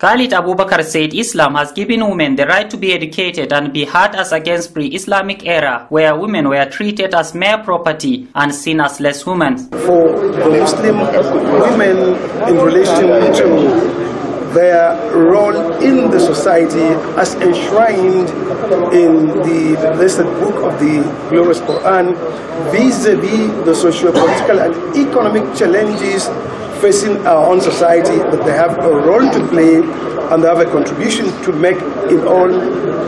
Khalid Abubakar said Islam has given women the right to be educated and be heard as against pre-Islamic era where women were treated as mere property and seen as less women. For Muslim women in relation to their role in the society as enshrined in the blessed book of the glorious Quran vis-a-vis -vis the socio-political and economic challenges facing our own society that they have a role to play and they have a contribution to make in all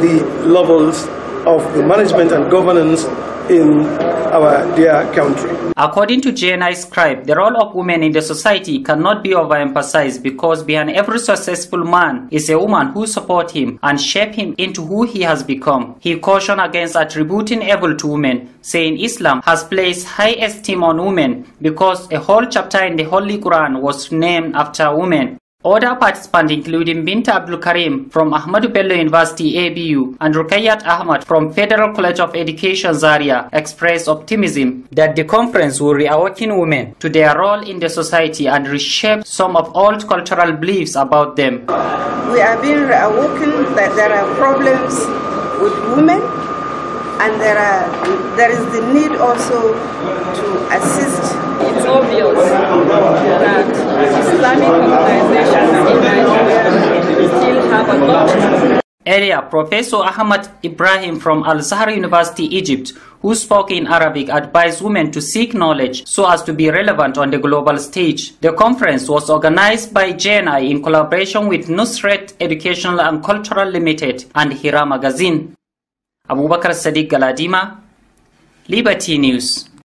the levels of the management and governance in our dear country. According to GNI Scribe, the role of women in the society cannot be overemphasized because behind every successful man is a woman who support him and shape him into who he has become. He cautioned against attributing evil to women, saying Islam has placed high esteem on women because a whole chapter in the Holy Quran was named after women. Other participants including Binta Abdul Karim from Ahmadu Bello University ABU and Rukayat Ahmad from Federal College of Education Zaria expressed optimism that the conference will reawaken women to their role in the society and reshape some of old cultural beliefs about them. We are being reawakened that there are problems with women and there, are, there is the need also to assist area, Professor Ahmad Ibrahim from Al Zahra University, Egypt, who spoke in Arabic, advised women to seek knowledge so as to be relevant on the global stage. The conference was organized by JNI in collaboration with Nusret Educational and Cultural Limited and Hira Magazine. Abubakar Sadiq Galadima, Liberty News.